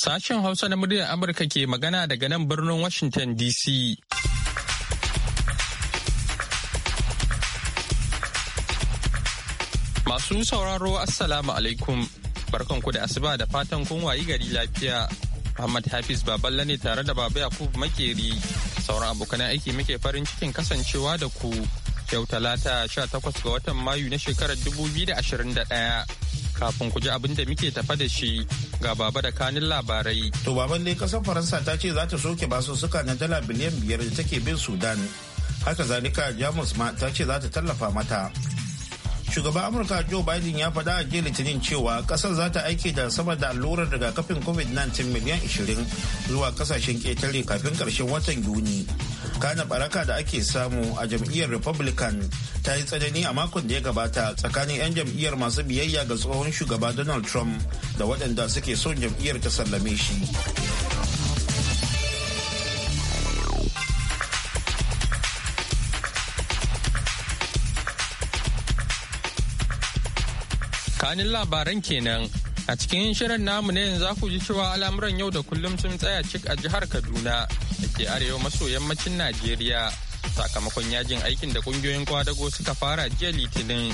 Sashen Hausa na muryar Amurka ke magana daga nan birnin Washington DC. Masu sauraro Assalamu alaikum, barkanku da asuba da fatan kun wayi gari lafiya. Muhammad Hafiz Baballe ne tare da Baba Yakubu Makeri. Sauran abokan aiki muke farin cikin kasancewa da ku. Yau talata 18 ga watan Mayu na shekarar 2021. Kafin ku ji abin da muke tafa da shi ga baba da kanin labarai. To baban dai kasar Faransa ta ce za ta soke basussuka na dala biliyan biyar da take bin Sudan. Haka zalika Jamus ma ta ce za ta tallafa mata. shugaban amurka joe biden ya faɗa a jiya litinin cewa ƙasar za ta aiki da sama da allurar rigakafin covid-19 miliyan 20 zuwa ƙasashen ƙetare kafin ƙarshen watan yuni kana baraka da ake samu a jam'iyyar republican ta yi tsanani a makon da ya gabata tsakanin 'yan jam'iyyar masu biyayya ga tsohon shugaba donald trump da waɗanda suke son jam'iyyar ta sallame shi kanin labaran kenan a cikin shirin namu ne za ku ji cewa al'amuran yau da kullum sun tsaya cik a jihar kaduna da ke arewa maso yammacin najeriya sakamakon yajin aikin da kungiyoyin kwadago suka fara jiya litinin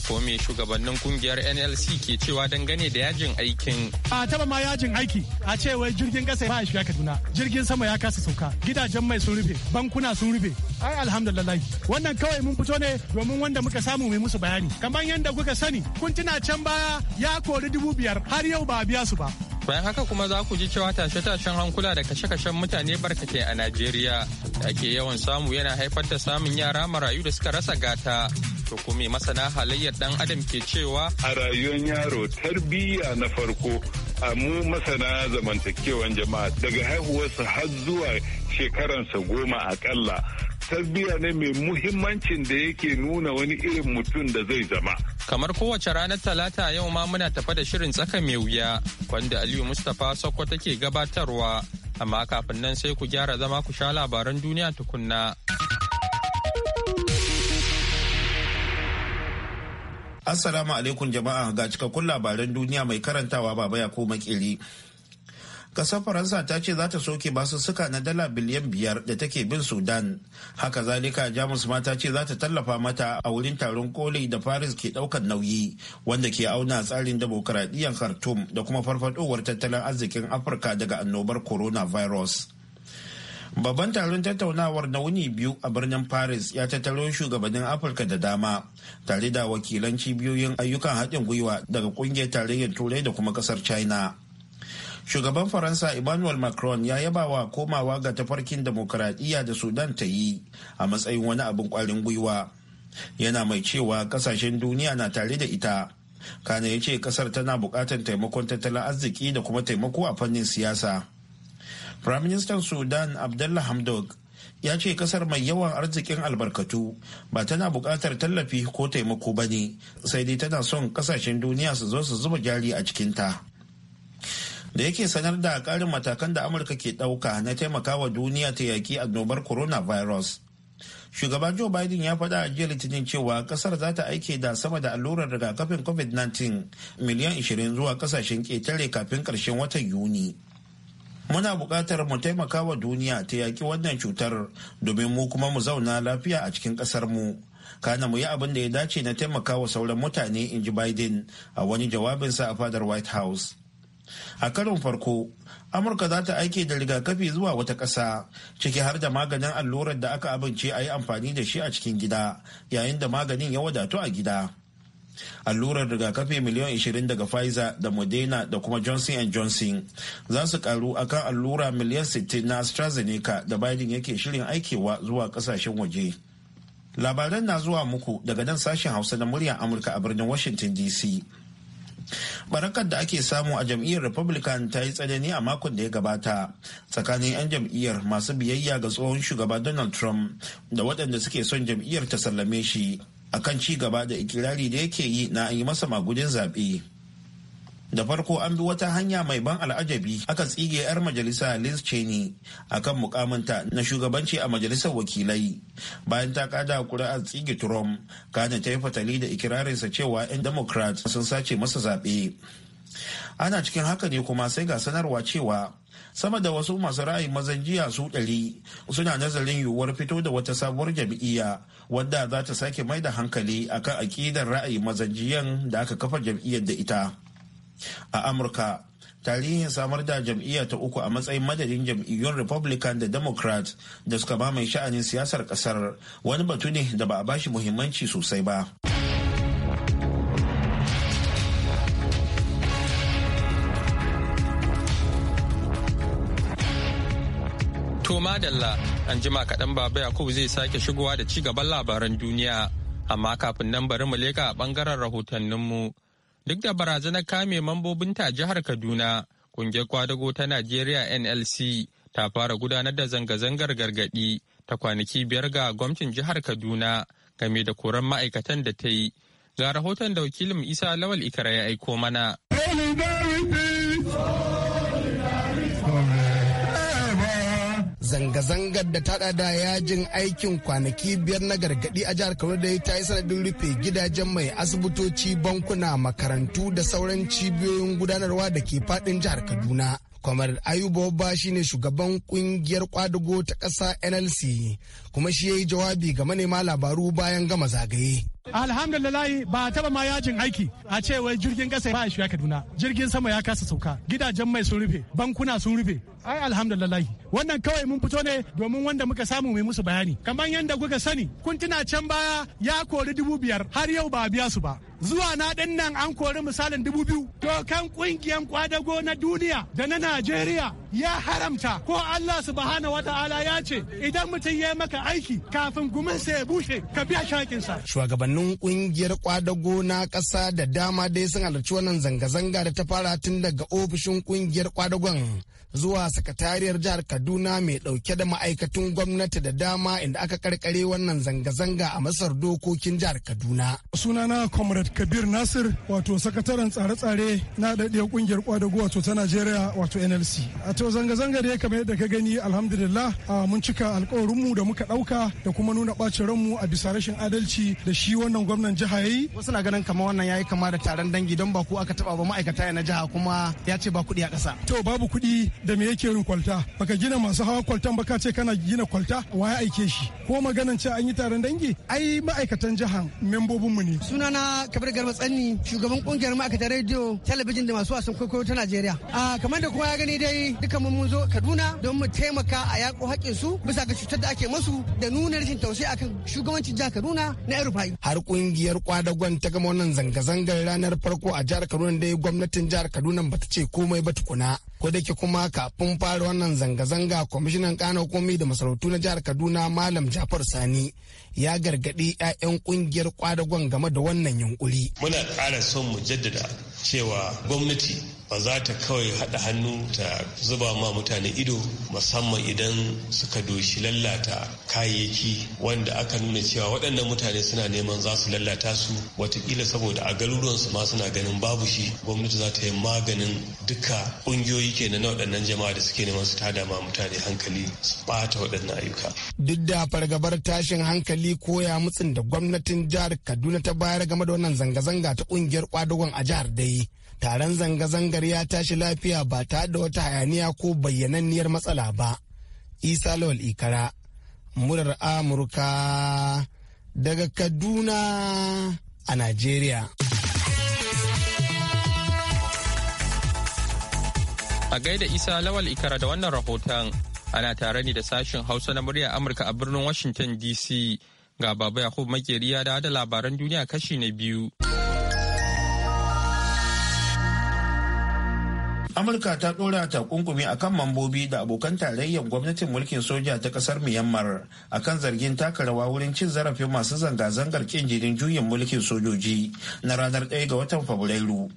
to ko shugabannin kungiyar NLC ke cewa dangane da yajin aikin. A taba ma yajin aiki a cewa wai jirgin kasa ba shiga Kaduna jirgin sama ya kasa sauka gidajen mai sun rufe bankuna sun rufe ai alhamdulillah wannan kawai mun fito ne domin wanda muka samu mai musu bayani kamar yadda kuka sani kun tuna can baya ya kori dubu biyar har yau ba a biya su ba. bayan haka kuma za ku ji cewa tashe-tashen hankula da kashe-kashen mutane barkatai a najeriya da ake yawan samu yana haifar da samun yara marayu da suka rasa gata To ko mai masana halayyar dan adam ke cewa? A rayuwar yaro tarbiyya na farko a mu masana zamantakewan jama'a daga haihuwarsa har zuwa shekaransa goma akalla tarbiyya ne mai muhimmancin da yake nuna wani irin mutum da zai zama. Kamar kowace ranar Talata yau ma muna tafa da shirin tsaka mai wuya wanda Aliyu Mustapha Sokko take gabatarwa amma kafin nan sai ku gyara zama ku sha labaran duniya tukunna. Assalamu alaikum jama'a ga cikakkun labaran duniya mai karantawa baba ya ko makiri. Kasar Faransa ta ce za ta soke basussuka na dala biliyan biyar da take bin Sudan. Haka zalika Jamus ma ta ce za ta tallafa mata a wurin taron koli da Paris ke daukan nauyi wanda ke auna tsarin demokradiyyar Khartoum da kuma farfadowar tattalin arzikin Afirka daga annobar coronavirus. Babban taron tattaunawar na wuni biyu a birnin Paris ya tattaro shugabannin Afirka da dama tare da wakilan cibiyoyin ayyukan haɗin gwiwa daga ƙungiyar tarayyar Turai da kuma ƙasar China. Shugaban Faransa Emmanuel Macron ya yabawa komawa ga tafarkin demokuraɗiyya da Sudan ta yi a matsayin wani abin ƙwarin gwiwa. Yana mai cewa ƙasashen duniya na tare da ita. Kana ya ce ƙasar tana buƙatar taimakon tattalin arziki da kuma taimako a fannin siyasa. Firaministan Sudan Abdullah Hamdok ya ce kasar mai yawan arzikin albarkatu ba tana buƙatar tallafi ko taimako ba ne sai dai tana son kasashen duniya su zo su zuba jari a cikinta. da yake sanar da ƙarin matakan da amurka ke ɗauka na taimakawa duniya ta yaƙi annobar coronavirus shugaba joe biden ya faɗa a jiya litinin cewa ƙasar za ta aike da sama da allurar rigakafin covid-19 miliyan 20 zuwa ƙasashen ƙetare kafin ƙarshen watan yuni muna buƙatar mu taimaka wa duniya ta yaƙi wannan cutar domin mu kuma mu zauna lafiya a cikin ƙasar mu kana mu yi abin da ya dace na taimaka wa sauran mutane in ji biden a wani jawabinsa a fadar white house a karin farko amurka za ta aike da rigakafi zuwa wata ƙasa ciki har da maganin allurar da aka amince a yi amfani da shi a cikin gida yayin da maganin ya wadatu a gida allurar rigakafi miliyan 20 daga pfizer da moderna da kuma johnson johnson za su karu akan allura miliyan 60 na astrazeneca da biden yake shirin aikewa zuwa kasashen waje labaran na zuwa muku daga nan sashen hausa na muryar amurka a birnin washington dc barakar da ake samu a jam'iyyar republican ta yi tsanani a makon da ya gabata tsakanin 'yan jam'iyyar masu biyayya ga tsohon shugaba donald trump da waɗanda suke son jam'iyyar ta sallame shi akan ci gaba da ikirari da yake yi na yi masa magudin zaɓe. Da farko an bi wata hanya mai ban al'ajabi aka tsige 'yar majalisa Liz Cheney akan mukamanta na shugabanci a majalisar wakilai bayan ta kada kuri'ar tsige Trump kada ta yi fatali da ikirarinsa cewa 'yan Democrat sun sace masa zaɓe. Ana cikin haka ne kuma sai ga sanarwa cewa sama da wasu masu ra'ayin mazan jiya su ɗari suna nazarin yiwuwar fito da wata sabuwar jam'iyya wadda za ta sake mai da hankali a kan aƙidar ra'ayin mazan jiyan da aka kafa jam'iyyar da ita a amurka tarihin samar da jam'iyya ta uku a matsayin madadin jam'iyyun republican da democrat da suka ba mai sha'anin siyasar kasar wani batu ne da ba a bashi muhimmanci sosai ba. koma dalla an jima kaɗan baba Yakubu zai sake shigowa da ci gaban labaran duniya. Amma kafin nan bari mu leka a ɓangaren mu. Duk da barazanar kame mambobin ta jihar Kaduna, kungiyar kwadago ta Najeriya NLC ta fara gudanar da zanga-zangar gargaɗi ta kwanaki biyar ga gwamnatin jihar Kaduna game da koran ma'aikatan da ta yi. Ga rahoton da wakilin Isa Lawal Ikara ya aiko mana. zanga-zangar da ta da yajin aikin kwanaki biyar na gargadi a jihar Kano da ta yi sanadin rufe gidajen mai asibitoci bankuna makarantu da sauran cibiyoyin gudanarwa da ke fadin jihar Kaduna. kwamar ayuba ba shine shugaban kungiyar ƙwadago ta ƙasa nlc kuma shi ya yi jawabi ga manema labaru bayan gama zagaye alhamdulillah ba a taba ma yajin aiki a ce wai jirgin kasa ba shi ya kaduna jirgin sama ya kasa sauka gidajen mai sun rufe bankuna sun rufe ai alhamdulillah wannan kawai mun fito ne domin wanda muka samu mai musu bayani kamar yadda kuka sani kuntuna can baya ya kori dubu biyar har yau ba a biya su ba zuwa na din nan an kori misalin dubu biyu to kan kungiyan kwadago na duniya da na najeriya ya haramta ko allah subhanahu wa ta'ala ya ce idan mutum ya maka aiki kafin gumin sa ya bushe ka biya shakinsa shugabannin shugabannin kungiyar kwadago na ƙasa da dama dai sun halarci wannan zanga-zanga da ta fara tun daga ofishin kungiyar kwadagon zuwa sakatariyar jihar Kaduna mai ɗauke da ma'aikatan gwamnati da dama inda aka karkare wannan zanga-zanga a masar dokokin jihar Kaduna. Sunana Comrade Kabir Nasir wato sakataren tsare-tsare na daɗe ƙungiyar kwadago wato ta Najeriya wato NLC. A to zanga-zanga da ya kamar yadda ka gani alhamdulillah mun cika alkawarinmu da muka ɗauka da kuma nuna ɓacin ranmu a bisa rashin adalci da shi wannan gwamnan jiha ya yi. Wasu na ganin kama wannan ya yi kama da taron dangi don ba ku aka taɓa ba ma'aikata na jiha kuma ya ce ba kuɗi a ƙasa. To babu kuɗi da me yake yin kwalta baka gina masu hawa kwaltan ba ka ce kana gina kwalta wa ya aike shi ko maganan ce an yi taron dangi ai ma'aikatan jihan membobin mu ne sunana kabir garba tsanni shugaban kungiyar ma'aikatan rediyo talabijin da masu wasan kwaikwayo ta najeriya a kamar da kowa ya gani dai duka mun zo kaduna don mu taimaka a yako haƙƙin su bisa ga cutar da ake masu da nuna rashin tausayi akan shugabancin jihar kaduna na rufai har kungiyar kwadagon ta gama wannan zanga-zangar ranar farko a jihar kaduna dai gwamnatin jihar kaduna bata ce komai ba tukuna ko da ke kuma kafin fara wannan zanga-zanga kwamishinan kana hukumi da masarautu na jihar kaduna malam jafar sani ya gargaɗi 'ya'yan kungiyar kwadagon game da wannan yunkuri muna ƙara son mu jaddada cewa gwamnati ba za ta kawai haɗa hannu ta zuba ma mutane ido musamman idan suka doshi lallata kayayyaki wanda aka nuna cewa waɗannan mutane suna neman za su lallata su watakila saboda a garuruwansu ma suna ganin babu shi gwamnati za ta yi maganin duka ƙungiyoyi kenan na waɗannan jama'a da suke neman su tada ma mutane hankali su ɓata waɗannan ayyuka. Duk da fargabar tashin hankali koya ya mutsin da gwamnatin jihar Kaduna ta bayar game da wannan zanga-zanga ta ƙungiyar kwadagon a jihar dai taron zanga-zangar ya tashi lafiya ba tare da wata hayaniya ko bayyananniyar matsala ba isa lawal ikara murar amurka daga kaduna a najeriya a gaida isa lawal ikara da wannan rahoton ana tare ne da sashen hausa na murya amurka a birnin washington dc ga baba yakubu makeriya da da labaran duniya kashi na biyu amurka ta ɗora takunkumi kan mambobi da abokan tarayyar gwamnatin mulkin soja ta ƙasar myanmar kan zargin taka rawa wurin cin zarafin masu zanga-zangar kin juyin mulkin sojoji na ranar 1 ga watan fabrairu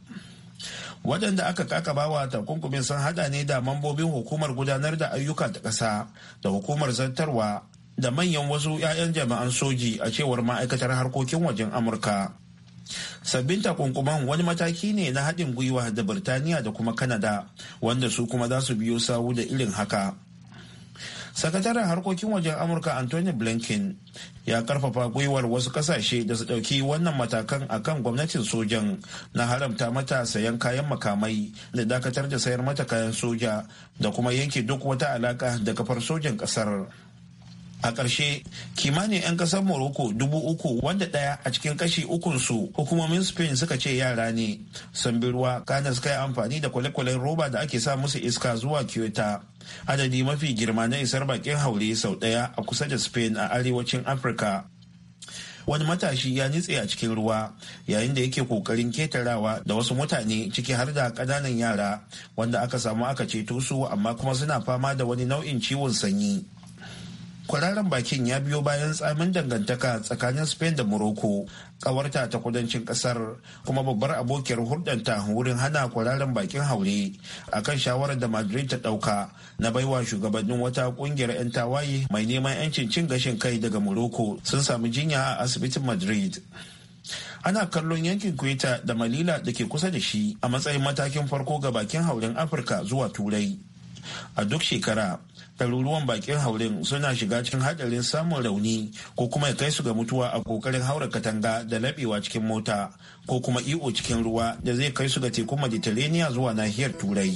waɗanda aka kakabawa takunkumin sun hada ne da mambobin hukumar gudanar da ayyuka ta ƙasa da hukumar zartarwa da manyan wasu 'ya'yan jami'an soji a cewar ma'aikatar harkokin wajen amurka sabbin takunkuman wani mataki ne na haɗin gwiwa da birtaniya da kuma kanada wanda su kuma za su biyo sawu da irin haka sakataren harkokin wajen amurka anthony blinken ya karfafa gwiwar wasu kasashe da su ɗauki wannan matakan a kan gwamnatin sojan na haramta mata sayan kayan makamai da dakatar da sayar mata kayan soja da kuma yanke duk wata alaka da kafar sojan ƙasar. a ƙarshe kimanin 'yan ƙasar morocco dubu uku wanda ɗaya a cikin kashi ukunsu hukumomin spain suka ce yara ne sun bi ruwa kana suka yi amfani da kwale-kwalen roba da ake sa musu iska zuwa kyoto adadi mafi girma na isar bakin haure sau ɗaya a kusa da spain a arewacin afirka wani matashi ya nitse a cikin ruwa yayin da yake kokarin ketarawa da wasu mutane ciki har da ƙananan yara wanda aka samu aka ceto su amma kuma suna fama da wani nau'in ciwon sanyi kwararren bakin ya biyo bayan tsamin dangantaka tsakanin spain da morocco kawarta ta kudancin kasar kuma babbar abokiyar hurdanta wurin hana kwararren bakin haure akan shawarar da madrid ta ɗauka na baiwa shugabannin wata kungiyar 'yan tawaye mai neman 'yancin cin gashin kai daga morocco sun sami jinya a asibitin madrid ana kallon yankin kweta da malila da ke kusa da shi a matsayin matakin farko ga bakin haurin afirka zuwa turai a duk shekara ɗaruruwan bakin haurin suna shiga cikin haɗarin samun rauni ko kuma ya kai su ga mutuwa a kokarin haura katanga da laɓewa cikin mota ko kuma iyo cikin ruwa da zai kai su ga tekun mediterania zuwa nahiyar turai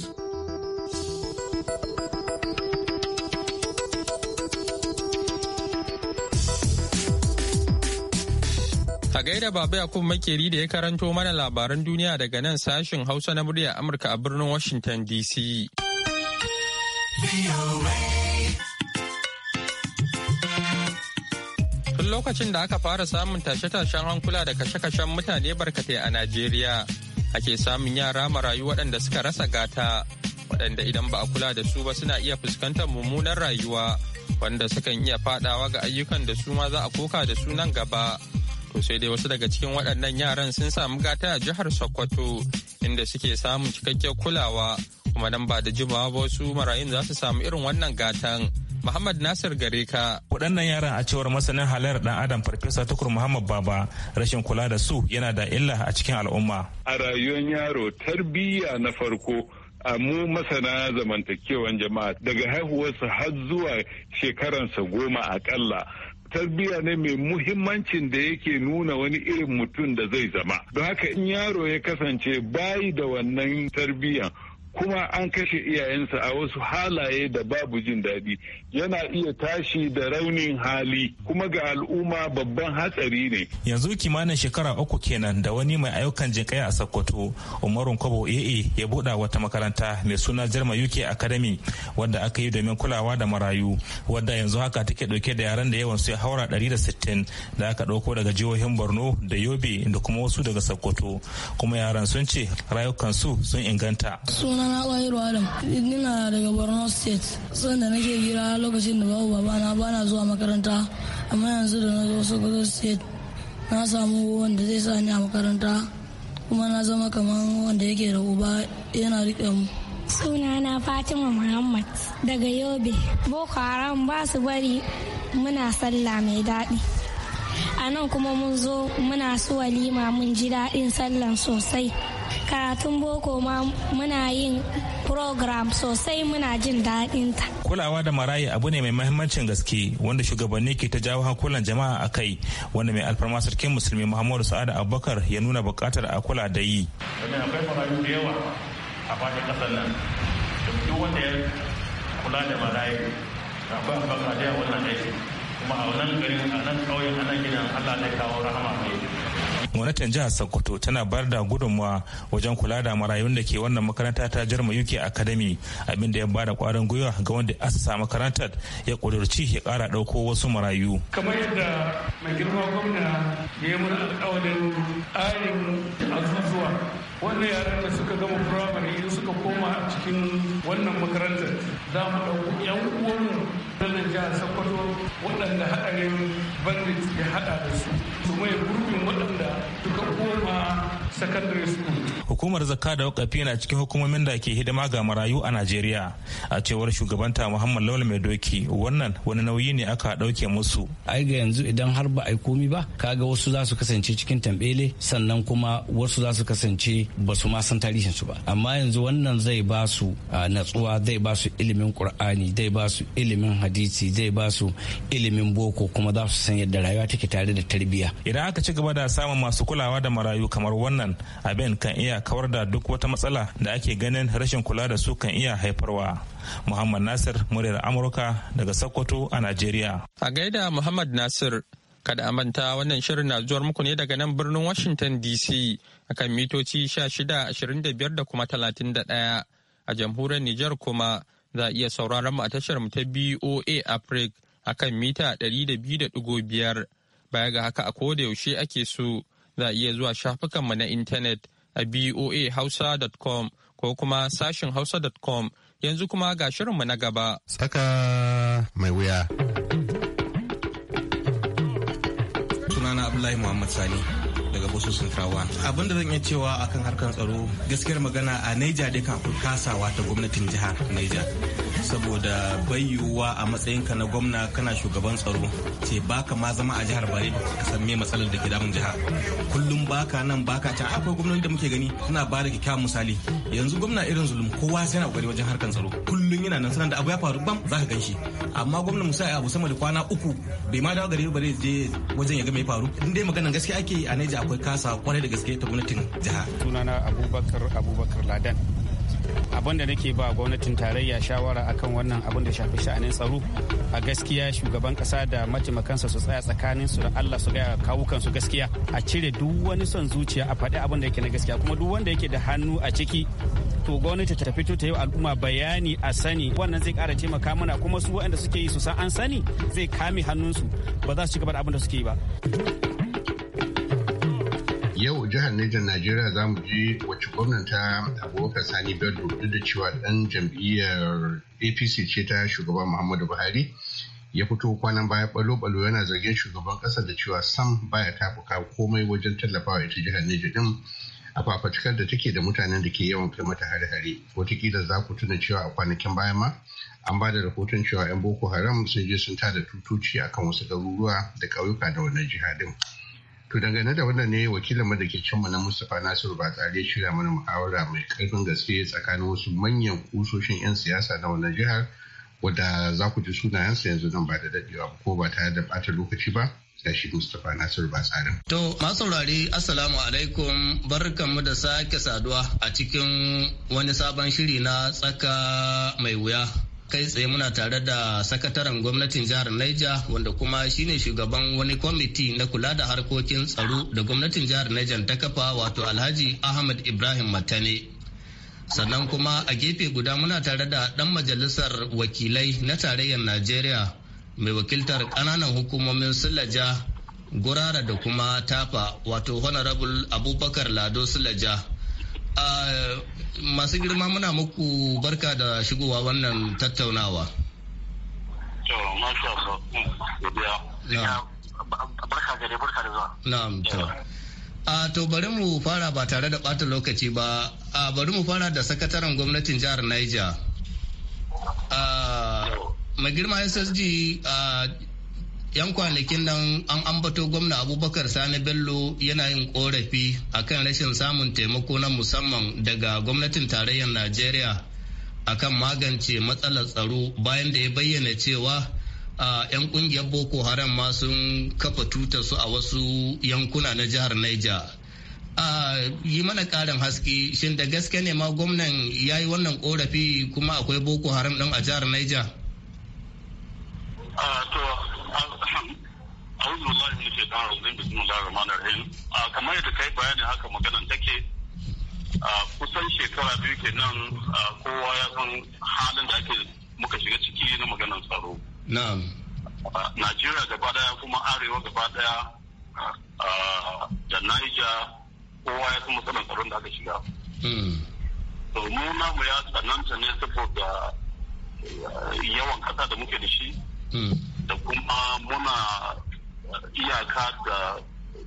A gaida Baba Yakub Makeri da ya karanto mana labaran duniya daga nan sashin Hausa na murya Amurka a birnin Washington DC. lokacin da aka fara samun tashe-tashen hankula da kashe-kashen mutane barkatai a Najeriya, ake samun yara marayu waɗanda suka rasa gata, waɗanda idan ba a kula da su ba suna iya fuskantar mummunan rayuwa, wanda sukan iya fadawa ga ayyukan da su ma za a koka da su nan gaba. To sai dai wasu daga cikin waɗannan yaran sun samu gata a jihar Sokoto, inda suke samun cikakkiyar kulawa, kuma nan ba da jimawa ba wasu marayun za su samu irin wannan gatan. Muhammad Nasir Gareka Waɗannan yaran a cewar masanin halayyar ɗan Adam Farfesa Tukur Muhammad Baba rashin kula da su yana da illa a cikin al'umma. A rayuwar yaro tarbiyya na farko a mu masana zamantakewan jama'a daga haihuwarsa har zuwa shekaransa goma akalla tarbiyya ne mai muhimmancin da yake nuna wani irin mutum da zai zama. Don haka in yaro ya kasance bayi da wannan tarbiyyan kuma an kashe iyayensa a wasu halaye da babu jin daɗi yana iya tashi da raunin hali kuma ga al'umma babban hatsari ne yanzu kimanin shekara uku kenan da wani mai ayyukan jinkai a sokoto umarun kwabo ee ya buɗa wata makaranta mai suna jarma uk academy wadda aka yi domin kulawa da marayu wadda yanzu haka take ɗauke da yaran da yawan su ya haura ɗari da sittin da aka ɗauko daga jihohin borno da yobe da kuma wasu daga sokoto kuma yaran sun ce rayukansu sun inganta suna sunana Bahiru Adam ina daga Borno State sanda nake gira lokacin da babu babana bana zuwa makaranta amma yanzu da na zo Sokoto State na samu wanda zai sa ni a makaranta kuma na zama kamar wanda yake da uba yana riƙe mu sunana Fatima Muhammad daga Yobe Boko Haram ba su bari muna sallah mai daɗi a nan kuma mun zo muna su walima mun ji daɗin sallan sosai karatun boko ma muna yin program sosai muna jin daɗin ta. Kulawa da marayu abu ne mai mahimmancin gaske wanda shugabanni ke ta jawo hankulan jama'a a kai wanda mai alfarma sarkin musulmi Muhammadu Sa'ada Abubakar ya nuna buƙatar a kula da yi. kuma yawa a nan. Duk wanda ya kula da marayu da yawa wannan Kuma a wannan garin a nan ƙauyen ana gina Allah zai kawo rahama mai gwamnatin jihar sokoto tana bar da gudunmawa wajen kula da marayun da ke wannan makaranta ta jarma uk academy abin da ya bada kwarin gwiwa ga wanda asasa makarantar ya kudurci ya kara dauko wasu marayu kamar yadda mai girma gwamna ya yi mana alkawarin azuzuwa wannan yaran da suka gama firamare in suka koma cikin wannan makarantar za mu ɗauko yan uwanmu na jihar sokoto waɗanda haɗarin bandit ya haɗa da su su mai gurbin waɗanda suka koma secondary school. Hukumar zakka da wakafi na cikin hukumomin da ke hidima ga marayu a Najeriya. A cewar shugabanta Muhammad Lawal Mai Doki wannan wani nauyi ne aka dauke musu. Ai ga yanzu idan har ba ai komi ba kaga wasu za su kasance cikin tambele sannan kuma wasu za su kasance ba su ma san tarihin su ba. Amma yanzu wannan zai ba su natsuwa zai ba su ilimin Qur'ani zai ba su ilimin hadisi zai ba su ilimin boko kuma za su san yadda rayuwa take tare da tarbiyya. Idan aka ci gaba da samun masu kulawa da marayu kamar wannan wannan abin kan iya kawar da duk wata matsala da ake ganin rashin kula da su kan iya haifarwa muhammad nasir muryar amurka daga sokoto a najeriya a gaida muhammad nasir kada a manta wannan shirin na zuwar muku ne daga nan birnin washington dc akan mitoci 16 25 da kuma 31 a jamhuriyar nijar kuma za a iya sauraron mu a tashar mu ta BOA Africa akan mita 200.5 baya ga haka a koda yaushe ake so za a iya zuwa shafukanmu na intanet a boahausa.com ko kuma sashin hausa.com yanzu kuma ga shirinmu na gaba. Tsaka mai wuya. Sunana Abdullahi Muhammad Sani. daga bososin trawa abin da zan iya cewa akan harkar tsaro gaskiyar magana a naija dai kan kasawa ta gwamnatin jihar naija saboda bayyuwa a matsayinka na gwamna kana shugaban tsaro ce baka ma zama a jihar bare ka san me matsalar da ke damun jihar kullum baka nan baka can akwai gwamnati da muke gani suna ba da kyakkyawan misali yanzu gwamna irin zulum kowa sai yana kokari wajen harkar tsaro kullum yana nan sanan da abu ya faru bam ka ganshi amma gwamna musa abu sama da kwana uku bai ma dawo gari bare je wajen ya ga me faru in dai maganar gaskiya ake a Niger akwai akwai kasa kwarai da gaske ta gwamnatin jiha sunana abubakar abubakar ladan abin da nake ba gwamnatin tarayya shawara akan wannan abin da shafi sha'anin tsaro a gaskiya shugaban kasa da mataimakansa su tsaya tsakanin su da Allah su gaya kawukan su gaskiya a cire duk wani son zuciya a faɗi abin da yake na gaskiya kuma duk wanda yake da hannu a ciki to gwamnati ta fito ta yi al'umma bayani a sani wannan zai kara taimaka mana kuma su waɗanda suke yi su san an sani zai kame hannunsu ba za su ci gaba da abin da suke yi ba. yau jihar Nijar Najeriya za mu ji wacce gwamnata abubakar sani bello duk da cewa ɗan jam'iyyar apc ce ta Shugaba muhammadu buhari ya fito kwanan baya balo-balo yana zargin shugaban ƙasa da cewa sam baya tafuka komai wajen tallafawa ita jihar Nijar din a fafatukar da take da mutanen da ke yawan kai mata hare-hare wataƙila za ku tuna cewa a kwanakin baya ma an ba da rahoton cewa 'yan boko haram sun je sun tada tutuci akan wasu garuruwa da ƙauyuka da wannan jihar din To dangane da wannan ne wakilin mu da ke cinmu na Mustapha Nasiru ba shi shirya mana muhawara mai karfin gaske tsakanin wasu manyan kusoshin 'yan siyasa na wannan jihar wadda za ku ji sunayensa yanzu nan ba da dadewa ko ba tare da bata lokaci ba da shi Mustapha Nasiru Batsarin. To masu saurare Assalamu alaikum mu da sake saduwa a cikin wani sabon shiri na tsaka mai wuya kai tsaye muna tare da sakataren gwamnatin jihar Niger wanda kuma shine shugaban wani kwamiti na kula da harkokin tsaro da gwamnatin jihar Niger ta kafa wato Alhaji Ahmad Ibrahim Matane. Sannan kuma a gefe guda muna tare da ɗan majalisar wakilai na tarayyar Najeriya mai wakiltar ƙananan hukumomin Sulaja, Gurara da kuma Tafa wato Honorable Abubakar Lado Sulaja. masu girma muna muku barka da shigowa wannan tattaunawa. A to bari mu fara ba tare da ɓata lokaci ba, a bari mu fara da sakataren gwamnatin jihar Niger. mai girma SSG a 'yan kwanakin nan an ambato gwamna abubakar sani bello yana yin korafi akan rashin samun taimako na musamman daga gwamnatin tarayyar najeriya akan magance matsalar tsaro bayan da ya bayyana cewa a 'yan kungiyar boko haram ma sun kafa tuta su a wasu yankuna na jihar niger a yi mana karin haske shin da gaske ne ma gwamnan ya yi wannan korafi kuma akwai boko haram ɗin a jihar niger kamar yadda kai bayani haka maganan take kusan shekara biyu kenan kowa ya san halin da ake muka shiga ciki na maganan tsaro na'am najeriya gaba daya kuma arewa gaba daya da niger kowa ya san matsalan tsaron da aka shiga hmm. to mu namu ya tsananta ne saboda eh, yawan kasa da muke da shi hmm. da kuma muna eh, iyaka da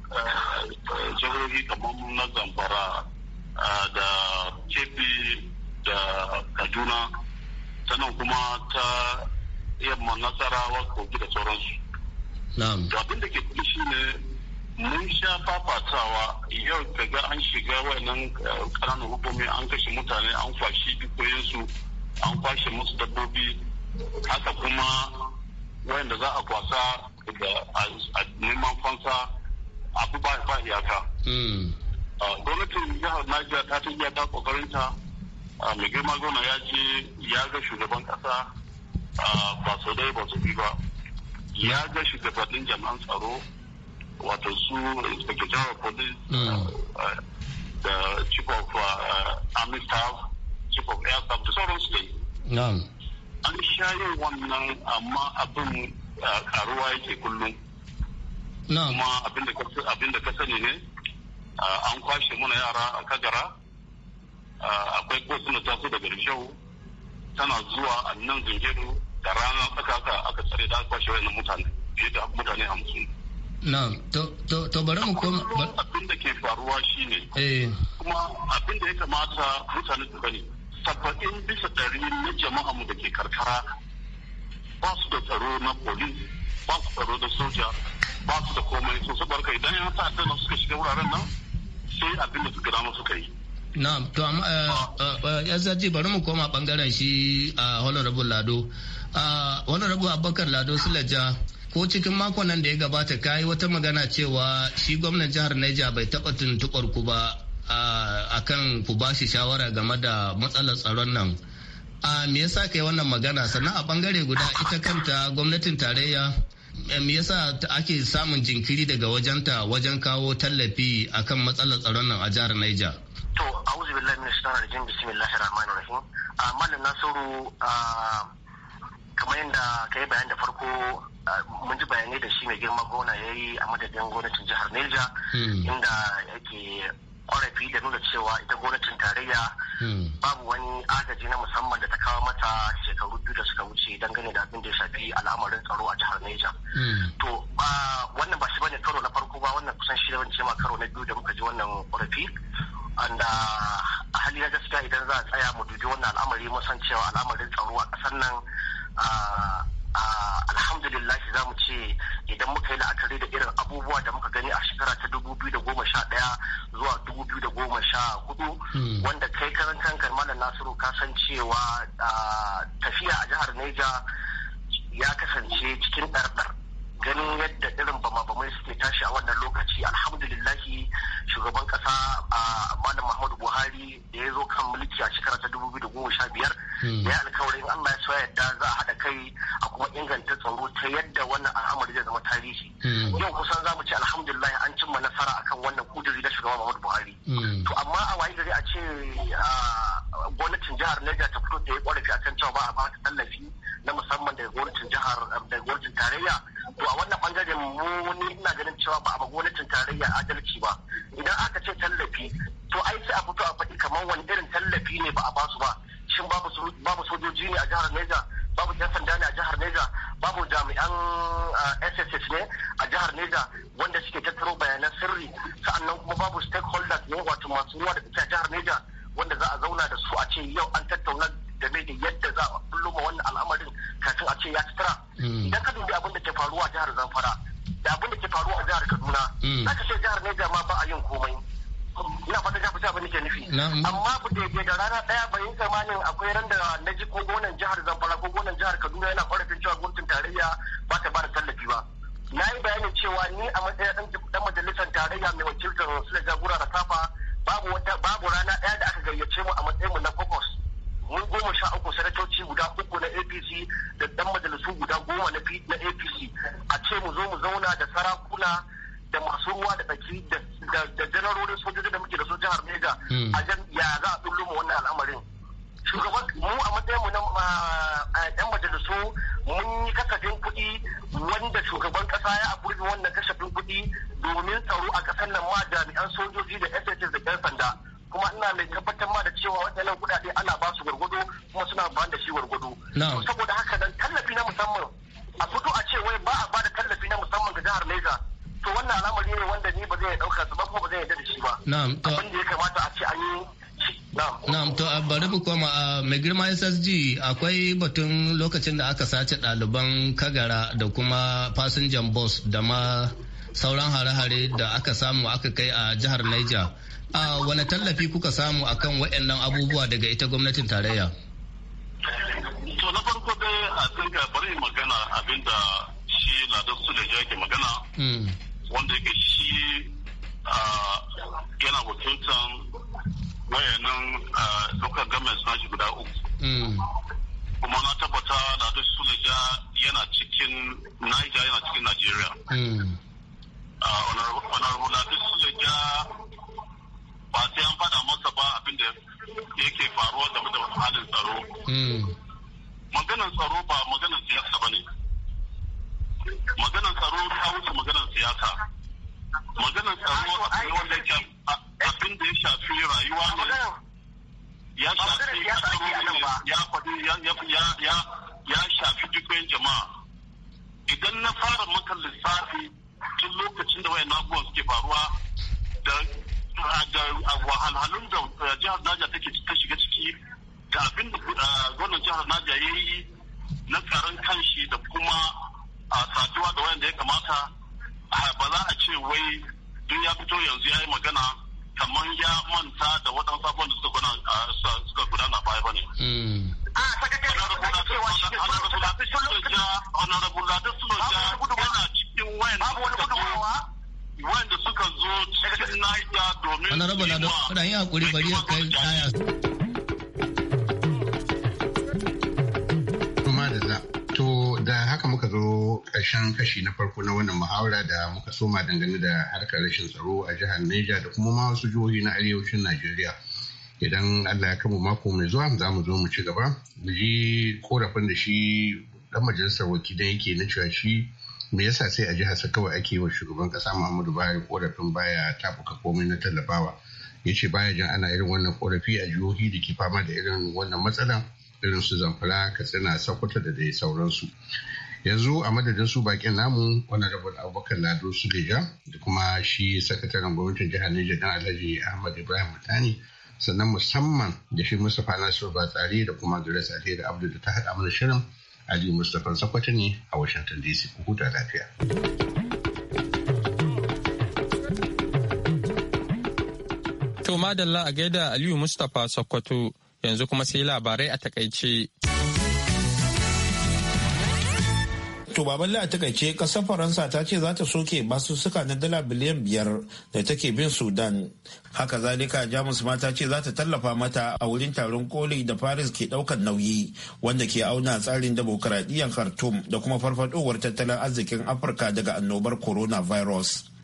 Eh, jihohi kamar na Zamfara eh, da Kebbi da Kaduna sannan kuma ta yamma nasarawa kogi da sauransu. Da abin da ke kuma shi ne mun sha fafatawa yau kaga an shiga wayannan eh, ƙananan hukumi an kashe mutane an kwashi dukoyinsu an kwashe musu dabbobi haka kuma wayanda za a kwasa da neman fansa abu ba ba iyaka hmm. ah, gwamnatin jihar Najeriya ta ta iya ta kokarinta ah, mai girma gona ya ce ya ga shugaban kasa ah, ba sau dai ba su bi ba ya ga shugabannin jami'an tsaro wato su inspector general police hmm. da chief of army staff chief of air staff da su dai an sha yin wannan amma abin karuwa yake kullum kuma abin da ka sani ne an kwashe muna yara a kagara akwai kotu ta su daga rishau tana zuwa a nan zingiru da rana aka aka aka tsare da kwashe wayannan mutane fiye da mutane hamsin. na to bari mu koma abin da ke faruwa shine eh. kuma abin da ya kamata mutane su gani saba'in bisa dari na jama'a mu da ke karkara ba su da tsaro na polis ba su tsaro da soja ba su da komai sun saboda kai idan yan sa nan suka shiga wuraren nan sai abin da suka dama suka yi na'am to amma eh, ah. eh, eh, ya bari mu koma bangaren shi a ah, honorable lado ah, honorable abubakar lado sulaja ko cikin makon nan da ya gabata ka yi wata magana cewa shi gwamnan jihar Niger bai taɓa tuntuɓar ku ba a kan ku ba shi shawara game da matsalar tsaron nan. A me yasa ka yi wannan magana sannan a bangare guda ita kanta gwamnatin tarayya Eh, me yasa ake samun jinkiri daga wajenta wajen kawo tallafi akan matsalar tsaron nan a jihar Niger? To, auzu billahi min shaitanir rajim bismillahir rahmanir rahim. Ah, Malam Nasiru ah, kamar yadda ka yi bayan da farko ah, mun ji bayanai da shi mai girma gona ya yi a madadin gwamnatin jihar Niger hmm. inda yake Ƙorafi da nuna cewa ita gwamnatin tarayya hmm. babu wani agaji na musamman da ta kawo mata shekaru biyu da suka wuce dangane da abin da ya shafi al'amarin tsaro a jihar Niger. Hmm. To ba wannan ba shi bane karo na farko ba wannan kusan shi ne ma karo na biyu da muka ji wannan ƙorafi. Anda uh, a hali na gaskiya idan za a tsaya mu dubi wannan al'amari mun san cewa al'amarin tsaro a ƙasar nan uh, Ah, alhamdulillah za mu ce idan muka yi la'akari da irin abubuwa da muka gani a shekara ta dubu biyu da goma sha ɗaya zuwa dubu biyu da goma sha hudu hmm. wanda kai karan kankan malam nasiru ka san cewa ah, tafiya a jihar neja ya kasance cikin ɗarɗar ganin yadda irin bama-bamai suke tashi rubuta yadda wannan al'amari kullo ma wannan al'amarin kafin a ce ya ci tara hmm. idan ka dubi abin da ke faruwa a jihar zamfara da abin da ke faruwa a jihar kaduna hmm. za ka ce jihar neja ma ba a yin komai ina fata ka fita abin da ke nufi hmm. amma ku daidai da rana daya bayin tsamanin akwai ran da na ji ko gonan jihar zamfara ko gonan jihar kaduna yana ƙorafin cewa gwamnatin tarayya ba ta ba tallafi ba na yi bayanin cewa ni a matsayin dan majalisar tarayya mai wakiltar su da jagora da safa babu rana ɗaya da aka gayyace mu a matsayin mu na Mun goma sha uku sanatoci guda uku na apc da dan majalisu guda goma na apc a ce mu zo mu zauna da sarakuna da masu ruwa da tsaki da janarorin sojoji da muke da su jihar mega. Hmm. a ya za a bullo mu wannan al'amarin shugaban mu a matsayin mu na yan majalisu mun yi kasafin kuɗi wanda shugaban ƙasa ya aburbi wannan kasafin kuɗi domin tsaro a ƙasar nan ma jami'an sojoji da SSS da 'yan sanda kuma ina mai tabbatar ma da cewa waɗannan kuɗaɗe ana ba su gwargwado kuma suna ba da shi gwargwado. Saboda haka dan tallafi na musamman a fito a ce wai ba a ba da tallafi na musamman ga jihar Niger to wannan al'amari ne wanda ni ba zai ɗauka su ba kuma ba zai yarda da shi ba. Na'am. Abin da ya kamata a ce an yi Na'am to a bari mu koma a mai girma SSG akwai batun lokacin da aka sace ɗaliban kagara da kuma fasinjan bus da ma sauran hare-hare da aka samu aka kai a jihar Niger. a wani tallafi kuka samu akan waɗannan abubuwa daga ita gwamnatin tarayya to na farko dai a tsinka uh, bari magana abinda shi su suleja ke magana hmm. wanda yake shi uh, yana wakiltan wayannan uh, local government na shi guda uku hmm. kuma na tabbata ladar suleja yana cikin niger yana cikin nigeria hmm. honorable ladar Mm. maganar tsaro ba maganar siyasa ba ne maganar tsaro ta wuce maganar siyasa maganar tsaro abin da ya shafi rayuwa ne ya shafi ya shafi dukkan jama'a idan na fara maka lissafi tun lokacin da wayan abubuwan suke faruwa da wahalhalun da eh, jihar Niger take ta shiga ciki da abin da gwamnan jihar Naja ya yi na tsaron kanshi da kuma a saduwa da da ya kamata ba za a ce wai duk ya fito yanzu ya yi magana kamar ya manta da waɗansu abubuwan da suka gudana baya ba ne. Mm. A ah, sakatare da cewa shi da Honorable Lado, kuna yin hakuri bari ya kai aya. can kashi na farko na wannan muhawara da muka soma dangane da harkar rashin tsaro a jihar Neja da kuma ma wasu jihohi na arewacin Najeriya. Idan Allah ya kama mako mai zuwa za mu zo mu ci gaba mu ji korafin da shi dan majalisar wakilai yake na cewa shi me yasa sai a jihar kawai ake wa shugaban kasa Muhammadu Buhari korafin baya tabuka komai na tallafawa ya ce baya jin ana irin wannan korafi a jihohi da ke fama da irin wannan matsala irin su zamfara katsina sokoto da dai sauransu yanzu a madadin su bakin namu honorable abubakar lado suleja da kuma shi sakataren gwamnatin jihar niger dan alhaji ahmad ibrahim mutani sannan musamman da shi mustapha nasiru batsari da kuma grace da abdu da ta haɗa mana shirin ali mustapha sakwata ne a washington dc ku huta lafiya to madalla a gaida aliyu mustapha sokoto yanzu kuma sai labarai a takaice To baballe a takaice kasar Faransa ta ce za ta soke masu suka na dala biliyan biyar da take bin Sudan. Haka zalika Jamus ma ta ce za ta tallafa mata a wurin taron koli da Paris ke daukan nauyi wanda ke auna tsarin demokaradiyyar Khartoum da kuma farfadowar tattalin arzikin Afirka daga annobar coronavirus.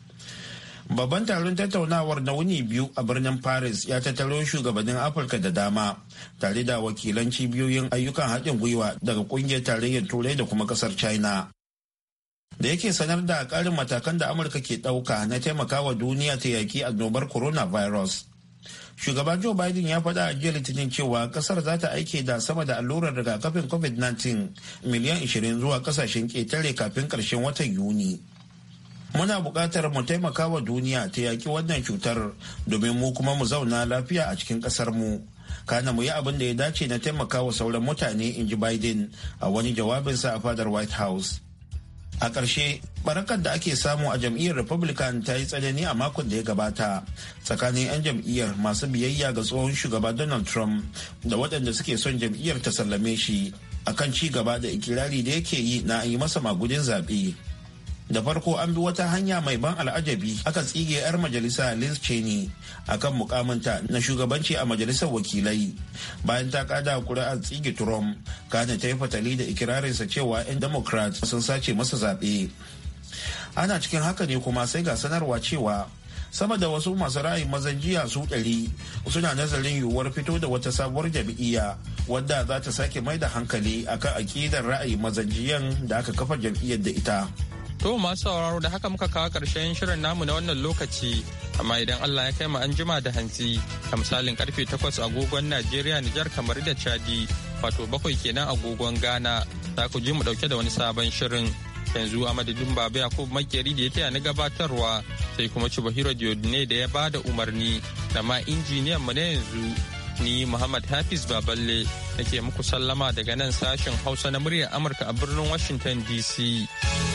Babban taron tattaunawar na wuni biyu a birnin Paris ya tattaro shugabannin Afirka da dama tare da wakilan cibiyoyin ayyukan haɗin gwiwa daga ƙungiyar tarayyar Turai da kuma ƙasar China. Da yake sanar da ƙarin matakan da Amurka ke ɗauka na taimakawa duniya ta yaƙi annobar coronavirus. Shugaba Joe Biden ya faɗa a jiya Litinin cewa ƙasar za ta aike da sama da allurar rigakafin COVID-19 miliyan 20 zuwa ƙasashen ƙetare kafin ƙarshen watan Yuni. muna buƙatar mu taimaka wa duniya ta yaƙi wannan cutar domin mu kuma mu zauna lafiya a cikin ƙasar mu kana mu yi abin da ya dace na taimaka wa sauran mutane in ji biden a wani jawabinsa a fadar white house a ƙarshe barakar da ake samu a jam'iyyar republican ta yi tsanani a makon da ya gabata tsakanin 'yan jam'iyyar masu biyayya ga tsohon shugaba donald trump da waɗanda suke son jam'iyyar ta sallame shi akan ci gaba da ikirari da yake yi na yi masa magudin zaɓe da farko an bi wata hanya mai ban al'ajabi aka tsige 'yar majalisa liz cheney akan mukamanta na shugabanci a majalisar wakilai bayan ta kada a tsige trump kana ta yi fatali da ikirarinsa cewa 'yan democrat sun sace masa zaɓe ana cikin haka ne kuma sai ga sanarwa cewa sama da wasu masu ra'ayin mazan jiya su ɗari suna nazarin yiwuwar fito da wata sabuwar jam'iyya wadda za ta sake mai da hankali akan aƙidar ra'ayin mazan jiyan da aka kafa jam'iyyar da ita To masu sauraro da haka muka kawo ƙarshen shirin namu na wannan lokaci, amma idan Allah ya kai mu an jima da hantsi, a misalin karfe takwas agogon Najeriya Nijar kamar da Chadi, wato bakwai kenan agogon Ghana, za ku ji mu ɗauke da wani sabon shirin. Yanzu a madadin Baba Yakubu Makeri da ya taya na gabatarwa sai kuma Chibahiro Diodune da ya bada umarni da ma injiniyan mu na yanzu ni Muhammad Hafiz Baballe nake muku sallama daga nan sashen Hausa na muryar Amurka a birnin Washington DC.